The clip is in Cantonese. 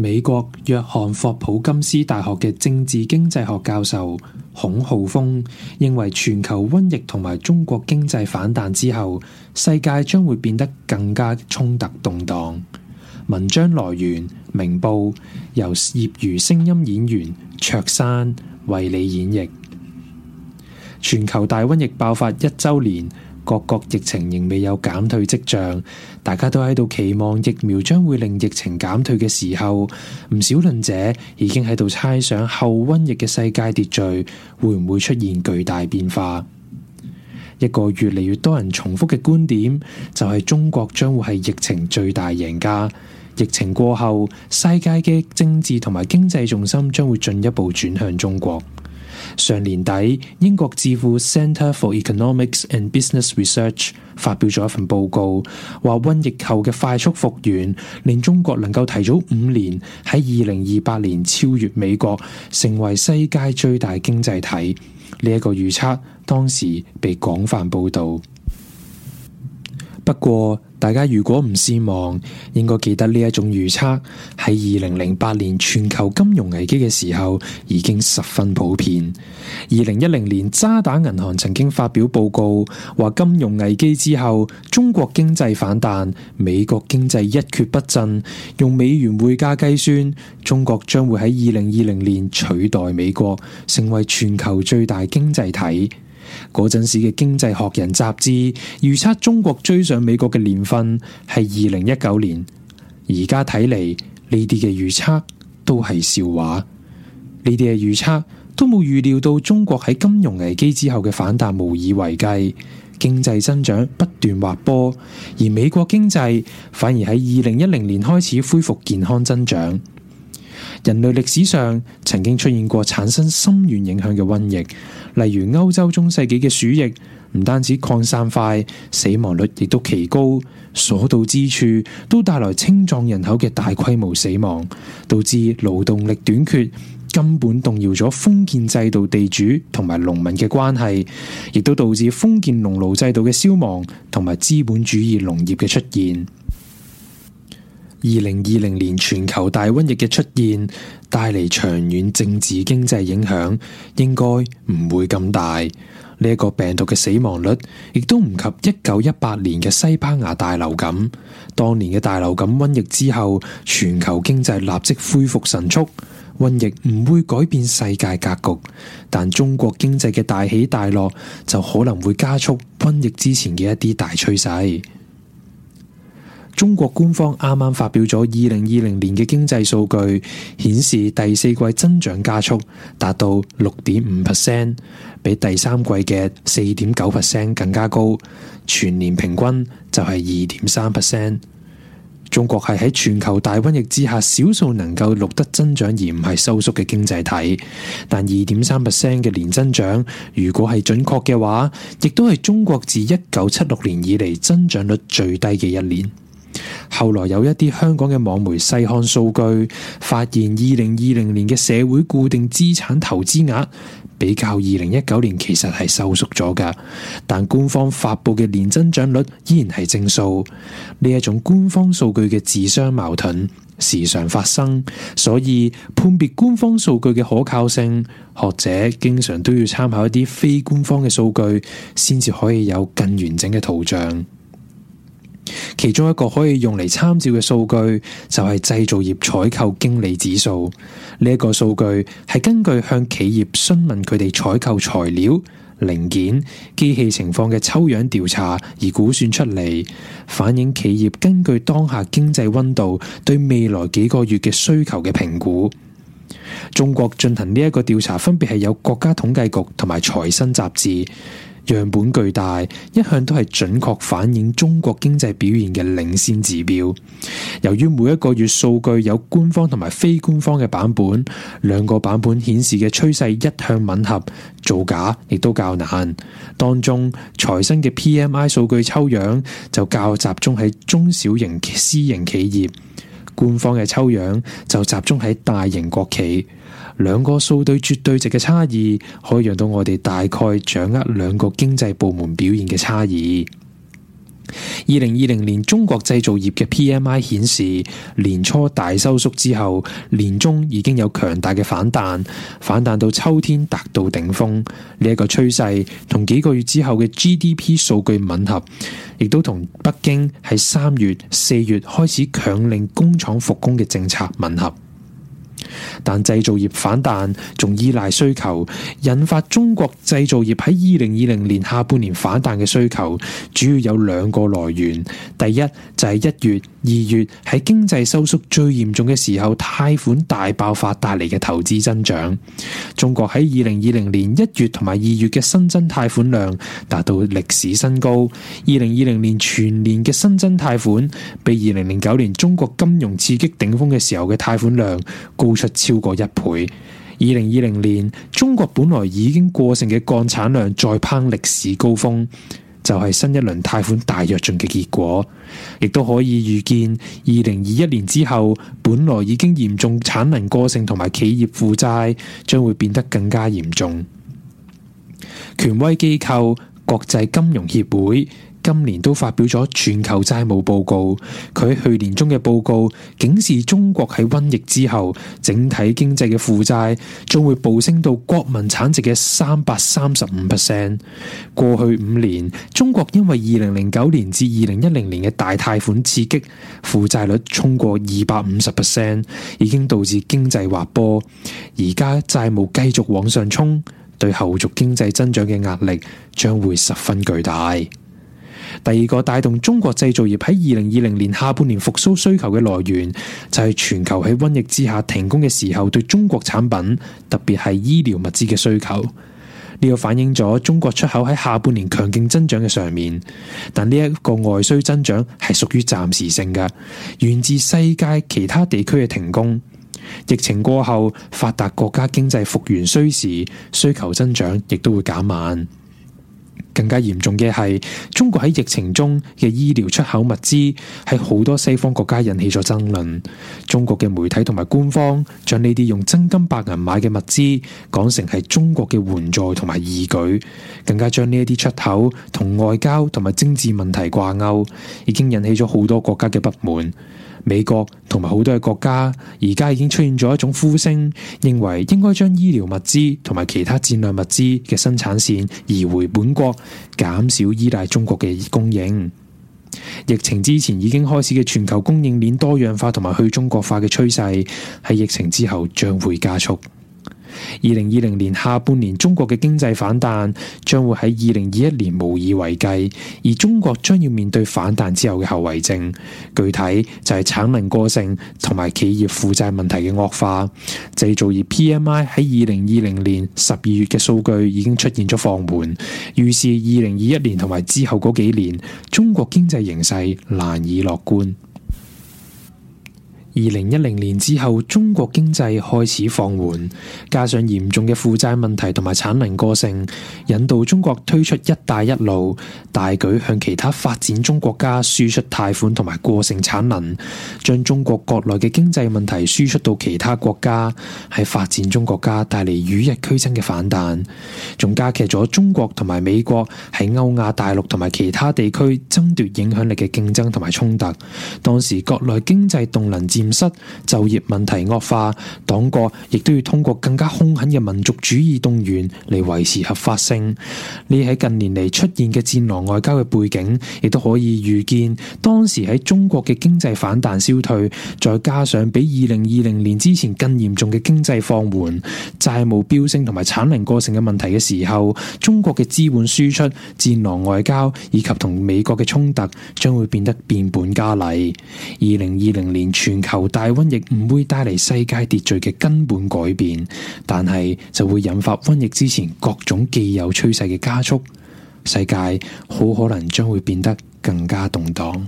美國約翰霍普金斯大學嘅政治經濟學教授孔誥烽認為，全球瘟疫同埋中國經濟反彈之後，世界將會變得更加衝突動盪。文章來源明報，由業餘聲音演員卓山為你演繹。全球大瘟疫爆發一周年。各國疫情仍未有減退跡象，大家都喺度期望疫苗將會令疫情減退嘅時候，唔少論者已經喺度猜想後瘟疫嘅世界秩序會唔會出現巨大變化。一個越嚟越多人重複嘅觀點就係中國將會係疫情最大贏家，疫情過後世界嘅政治同埋經濟重心將會進一步轉向中國。上年底，英國智庫 Centre for Economics and Business Research 發表咗一份報告，話瘟疫後嘅快速復原，令中國能夠提早五年喺二零二八年超越美國，成為世界最大經濟體。呢、這、一個預測當時被廣泛報導。不過，大家如果唔善忘，應該記得呢一種預測喺二零零八年全球金融危機嘅時候已經十分普遍。二零一零年渣打銀行曾經發表報告，話金融危機之後，中國經濟反彈，美國經濟一蹶不振，用美元匯價計算，中國將會喺二零二零年取代美國，成為全球最大經濟體。嗰陣時嘅《經濟學人》雜誌預測中國追上美國嘅年份係二零一九年，而家睇嚟，呢啲嘅預測都係笑話。呢啲嘅預測都冇預料到，中國喺金融危機之後嘅反彈無以為繼，經濟增長不斷滑坡，而美國經濟反而喺二零一零年開始恢復健康增長。人類歷史上曾經出現過產生深遠影響嘅瘟疫，例如歐洲中世紀嘅鼠疫，唔單止擴散快，死亡率亦都奇高，所到之處都帶來青壯人口嘅大規模死亡，導致勞動力短缺，根本動搖咗封建制度地主同埋農民嘅關係，亦都導致封建農奴制度嘅消亡同埋資本主義農業嘅出現。二零二零年全球大瘟疫嘅出現，帶嚟長遠政治經濟影響，應該唔會咁大。呢一個病毒嘅死亡率，亦都唔及一九一八年嘅西班牙大流感。當年嘅大流感瘟疫之後，全球經濟立即恢復神速。瘟疫唔會改變世界格局，但中國經濟嘅大起大落，就可能會加速瘟疫之前嘅一啲大趨勢。中國官方啱啱發表咗二零二零年嘅經濟數據，顯示第四季增長加速，達到六點五 percent，比第三季嘅四點九 percent 更加高。全年平均就係二點三 percent。中國係喺全球大瘟疫之下，少數能夠錄得增長而唔係收縮嘅經濟體。但二點三 percent 嘅年增長，如果係準確嘅話，亦都係中國自一九七六年以嚟增長率最低嘅一年。後來有一啲香港嘅網媒細看數據，發現二零二零年嘅社會固定資產投資額比較二零一九年其實係收縮咗㗎，但官方發佈嘅年增長率依然係正數。呢一種官方數據嘅自相矛盾時常發生，所以判別官方數據嘅可靠性，學者經常都要參考一啲非官方嘅數據，先至可以有更完整嘅圖像。其中一個可以用嚟參照嘅數據就係、是、製造業採購經理指數呢一、這個數據係根據向企業詢問佢哋採購材料、零件、機器情況嘅抽樣調查而估算出嚟，反映企業根據當下經濟溫度對未來幾個月嘅需求嘅評估。中國進行呢一個調查，分別係有國家統計局同埋財新雜誌。樣本巨大，一向都係準確反映中國經濟表現嘅領先指標。由於每一個月數據有官方同埋非官方嘅版本，兩個版本顯示嘅趨勢一向吻合，造假亦都較難。當中，財新嘅 PMI 數據抽樣就較集中喺中小型私營企業。官方嘅抽樣就集中喺大型國企，兩個數對絕對值嘅差異，可以讓到我哋大概掌握兩個經濟部門表現嘅差異。二零二零年中國製造業嘅 PMI 顯示，年初大收縮之後，年中已經有強大嘅反彈，反彈到秋天達到頂峰，呢個趨勢，同幾個月之後嘅 GDP 數據吻合，亦都同北京喺三月、四月開始強令工廠復工嘅政策吻合。但製造業反彈仲依賴需求，引發中國製造業喺二零二零年下半年反彈嘅需求，主要有兩個來源。第一就係一月、二月喺經濟收縮最嚴重嘅時候，貸款大爆發帶嚟嘅投資增長。中國喺二零二零年一月同埋二月嘅新增貸款量達到歷史新高。二零二零年全年嘅新增貸款，被二零零九年中國金融刺激頂峰嘅時候嘅貸款量。高出超過一倍。二零二零年，中國本來已經過剩嘅鋼產量再攀歷史高峰，就係、是、新一輪貸款大躍進嘅結果。亦都可以預見，二零二一年之後，本來已經嚴重產能過剩同埋企業負債，將會變得更加嚴重。權威機構、國際金融協會。今年都發表咗全球債務報告，佢喺去年中嘅報告，警示中國喺瘟疫之後整體經濟嘅負債將會暴升到國民產值嘅三百三十五 percent。過去五年，中國因為二零零九年至二零一零年嘅大貸款刺激，負債率衝過二百五十 percent，已經導致經濟滑坡。而家債務繼續往上衝，對後續經濟增長嘅壓力將會十分巨大。第二個帶動中國製造業喺二零二零年下半年復蘇需求嘅來源，就係、是、全球喺瘟疫之下停工嘅時候，對中國產品，特別係醫療物資嘅需求。呢、這個反映咗中國出口喺下半年強勁增長嘅上面，但呢一個外需增長係屬於暫時性嘅，源自世界其他地區嘅停工。疫情過後，發達國家經濟復原需時，需求增長亦都會減慢。更加嚴重嘅係，中國喺疫情中嘅醫療出口物資，喺好多西方國家引起咗爭論。中國嘅媒體同埋官方將呢啲用真金白銀買嘅物資講成係中國嘅援助同埋義舉，更加將呢一啲出口同外交同埋政治問題掛鈎，已經引起咗好多國家嘅不滿。美國同埋好多嘅國家，而家已經出現咗一種呼聲，認為應該將醫療物資同埋其他戰略物資嘅生產線移回本國，減少依賴中國嘅供應。疫情之前已經開始嘅全球供應鏈多樣化同埋去中國化嘅趨勢，喺疫情之後將會加速。二零二零年下半年中國嘅經濟反彈將會喺二零二一年無以為繼，而中國將要面對反彈之後嘅後遺症，具體就係產能過剩同埋企業負債問題嘅惡化。製造業 PMI 喺二零二零年十二月嘅數據已經出現咗放緩，預示二零二一年同埋之後嗰幾年，中國經濟形勢難以樂觀。二零一零年之後，中國經濟開始放緩，加上嚴重嘅負債問題同埋產能過剩，引導中國推出一帶一路，大舉向其他發展中國家輸出貸款同埋過剩產能，將中國國內嘅經濟問題輸出到其他國家，喺發展中國家帶嚟與日俱增嘅反彈，仲加劇咗中國同埋美國喺歐亞大陸同埋其他地區爭奪影響力嘅競爭同埋衝突。當時國內經濟動能戰。失就業問題惡化，黨國亦都要通過更加凶狠嘅民族主義動員嚟維持合法性。呢喺近年嚟出現嘅戰狼外交嘅背景，亦都可以預見，當時喺中國嘅經濟反彈消退，再加上比二零二零年之前更嚴重嘅經濟放緩、債務飆升同埋產能過剩嘅問題嘅時候，中國嘅資本輸出、戰狼外交以及同美國嘅衝突將會變得變本加厲。二零二零年全球由大瘟疫唔會帶嚟世界秩序嘅根本改變，但係就會引發瘟疫之前各種既有趨勢嘅加速，世界好可能將會變得更加動盪。